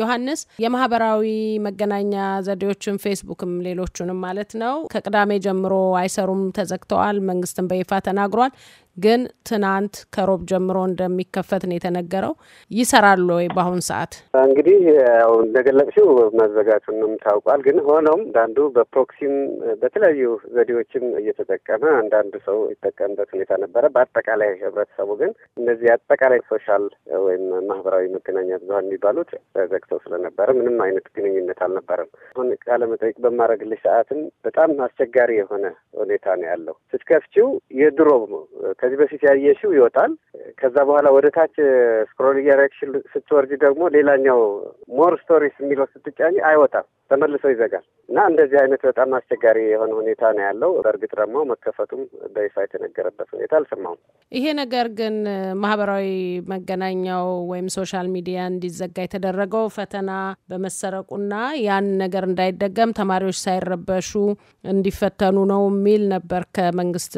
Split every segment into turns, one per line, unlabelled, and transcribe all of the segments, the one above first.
ዮሐንስ የማህበራዊ መገናኛ ዘዴዎችን ፌስቡክም ሌሎቹንም ማለት ነው ከቅዳሜ ጀምሮ አይሰሩም፣ ተዘግተዋል። መንግስትም በይፋ ተናግሯል። ግን ትናንት ከሮብ ጀምሮ እንደሚከፈት ነው የተነገረው። ይሰራሉ ወይ? በአሁን ሰዓት
እንግዲህ ያው እንደገለጽሽው መዘጋቱንም ታውቋል። ግን ሆኖም አንዳንዱ በፕሮክሲም በተለያዩ ዘዴዎችም እየተጠቀመ አንዳንድ ሰው ይጠቀምበት ሁኔታ ነበረ። በአጠቃላይ ህብረተሰቡ ግን እነዚህ አጠቃላይ ሶሻል ወይም ማህበራዊ መገናኛ ብዙኃን የሚባሉት ዘግተው ስለነበረ ምንም አይነት ግንኙነት አልነበረም። አሁን ቃለ መጠይቅ በማድረግልሽ ሰዓትም በጣም አስቸጋሪ የሆነ ሁኔታ ነው ያለው። ስትከፍችው የድሮ Eta ez beraz, ከዛ በኋላ ወደ ታች ስክሮል uh, እያደረግሽ ስትወርጅ ደግሞ ሌላኛው ሞር ስቶሪስ የሚለው ስትጫኝ አይወጣም፣ ተመልሶ ይዘጋል እና እንደዚህ አይነት በጣም አስቸጋሪ የሆነ ሁኔታ ነው ያለው። በእርግጥ ደግሞ መከፈቱም በይፋ የተነገረበት ሁኔታ አልሰማሁም።
ይሄ ነገር ግን ማህበራዊ መገናኛው ወይም ሶሻል ሚዲያ እንዲዘጋ የተደረገው ፈተና በመሰረቁና ያን ነገር እንዳይደገም ተማሪዎች ሳይረበሹ እንዲፈተኑ ነው የሚል ነበር ከመንግስት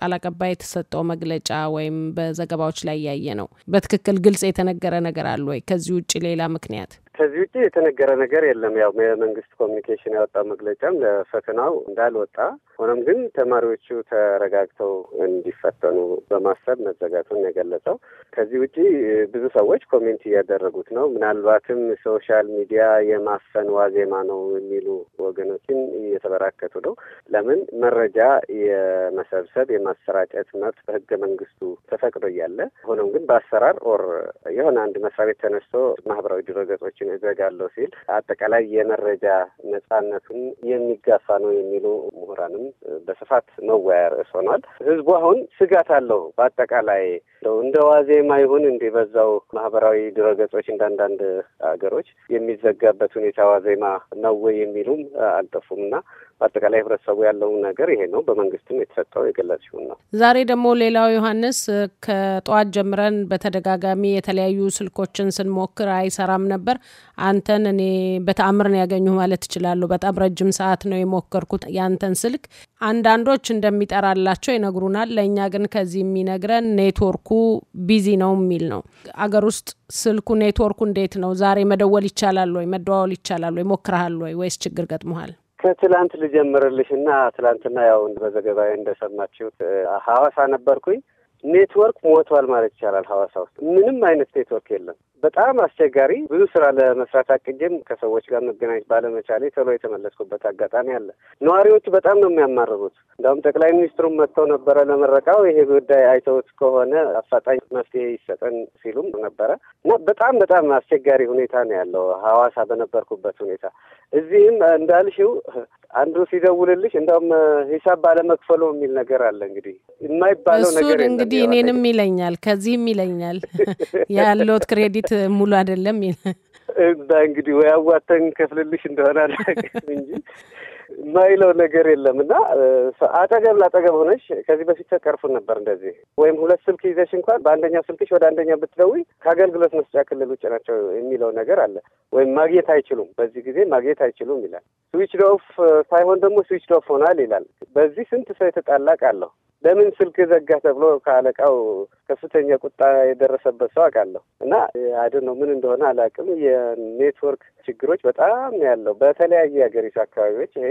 ቃል አቀባይ የተሰጠው መግለጫ ወይም በዘገባዎች ላይ ያየ ነው? በትክክል ግልጽ የተነገረ ነገር አለ ወይ? ከዚህ ውጭ ሌላ ምክንያት
ከዚህ ውጭ የተነገረ ነገር የለም። ያው የመንግስት ኮሚኒኬሽን ያወጣው መግለጫም ለፈተናው እንዳልወጣ ሆኖም ግን ተማሪዎቹ ተረጋግተው እንዲፈተኑ በማሰብ መዘጋቱን የገለጸው። ከዚህ ውጭ ብዙ ሰዎች ኮሜንት እያደረጉት ነው። ምናልባትም ሶሻል ሚዲያ የማፈን ዋዜማ ነው የሚሉ ወገኖችን እየተበራከቱ ነው። ለምን መረጃ የመሰብሰብ የማሰራጨት መብት በህገ መንግስቱ ተፈቅዶ እያለ ሆኖም ግን በአሰራር ኦር የሆነ አንድ መስሪያ ቤት ተነስቶ ማህበራዊ ድረገጾችን እዘጋለሁ ሲል አጠቃላይ የመረጃ ነጻነቱን የሚጋፋ ነው የሚሉ ምሁራንም በስፋት መወያ ርዕስ ሆኗል። ህዝቡ አሁን ስጋት አለው በአጠቃላይ እንደው እንደ ዋዜማ ይሁን እንዲህ በዛው ማህበራዊ ድረገጾች እንደ ሀገሮች የሚዘጋበት ሁኔታ ዋዜማ ነው ወይ የሚሉም አልጠፉም እና በአጠቃላይ ህብረተሰቡ ያለው ነገር ይሄ ነው። በመንግስትም የተሰጠው የገለጽ ሲሆን ነው።
ዛሬ ደግሞ ሌላው ዮሐንስ ከጠዋት ጀምረን በተደጋጋሚ የተለያዩ ስልኮችን ስንሞክር አይሰራም ነበር። አንተን እኔ በተአምር ነው ያገኙ ማለት እችላለሁ። በጣም ረጅም ሰዓት ነው የሞከርኩት ያንተን ስልክ። አንዳንዶች እንደሚጠራላቸው ይነግሩናል። ለእኛ ግን ከዚህ የሚነግረን ኔትወርኩ ኔትወርኩ ቢዚ ነው የሚል ነው። አገር ውስጥ ስልኩ ኔትወርኩ እንዴት ነው? ዛሬ መደወል ይቻላል ወይ? መደዋወል ይቻላል ወይ? ሞክረሃል ወይ? ወይስ ችግር ገጥመሃል?
ከትላንት ልጀምርልሽ እና ትላንትና ያው በዘገባዬ እንደሰማችሁት ሀዋሳ ነበርኩኝ። ኔትወርክ ሞቷል ማለት ይቻላል። ሀዋሳ ውስጥ ምንም አይነት ኔትወርክ የለም። በጣም አስቸጋሪ ብዙ ስራ ለመስራት አቅጄም ከሰዎች ጋር መገናኘት ባለመቻሌ ቶሎ የተመለስኩበት አጋጣሚ አለ። ነዋሪዎቹ በጣም ነው የሚያማርሩት። እንዲሁም ጠቅላይ ሚኒስትሩም መጥተው ነበረ ለምረቃው። ይሄ ጉዳይ አይተውት ከሆነ አፋጣኝ መፍትሄ ይሰጠን ሲሉም ነበረ እና በጣም በጣም አስቸጋሪ ሁኔታ ነው ያለው ሀዋሳ በነበርኩበት ሁኔታ። እዚህም እንዳልሽው አንዱ ሲደውልልሽ እንደውም ሂሳብ ባለመክፈሉ የሚል ነገር አለ። እንግዲህ የማይባለው ነገር እንግዲህ እኔንም
ይለኛል ከዚህም ይለኛል ያለት ክሬዲት ቤት ሙሉ አይደለም ይል
እንግዲህ ወይ አዋተን ከፍልልሽ እንደሆነ አላውቅም እንጂ ማይለው ነገር የለም እና አጠገብ ላጠገብ ሆነሽ ከዚህ በፊት ተቀርፉን ነበር እንደዚህ ወይም ሁለት ስልክ ይዘሽ እንኳን በአንደኛው ስልክሽ ወደ አንደኛው ብትደውይ ከአገልግሎት መስጫ ክልል ውጭ ናቸው የሚለው ነገር አለ። ወይም ማግኘት አይችሉም፣ በዚህ ጊዜ ማግኘት አይችሉም ይላል። ስዊች ዶፍ ሳይሆን ደግሞ ስዊች ዶፍ ሆኗል ይላል። በዚህ ስንት ሰው የተጣላቅ አለሁ ለምን ስልክ ዘጋ ተብሎ ከአለቃው ከፍተኛ ቁጣ የደረሰበት ሰው አውቃለሁ። እና አይደል ነው ምን እንደሆነ አላውቅም። የኔትወርክ ችግሮች በጣም ያለው በተለያዩ የሀገሪቱ አካባቢዎች ይሄ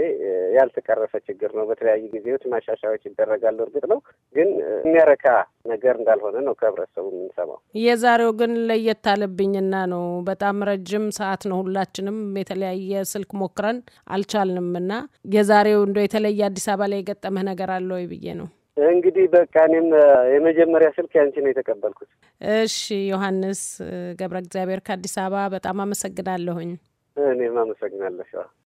ያልተቀረፈ ችግር ነው። በተለያዩ ጊዜዎች ማሻሻያዎች ይደረጋሉ። እርግጥ ነው ግን የሚያረካ ነገር እንዳልሆነ ነው ከህብረተሰቡ የምንሰማው።
የዛሬው ግን ለየት አለብኝና ነው በጣም ረጅም ሰዓት ነው። ሁላችንም የተለያየ ስልክ ሞክረን አልቻልንም እና የዛሬው እንደ የተለየ አዲስ አበባ ላይ የገጠመህ ነገር አለ ወይ ብዬ ነው።
እንግዲህ በቃ እኔም የመጀመሪያ ስልክ ያንቺ ነው የተቀበልኩት።
እሺ ዮሐንስ ገብረ እግዚአብሔር ከአዲስ አበባ በጣም አመሰግናለሁኝ።
እኔም አመሰግናለሁ።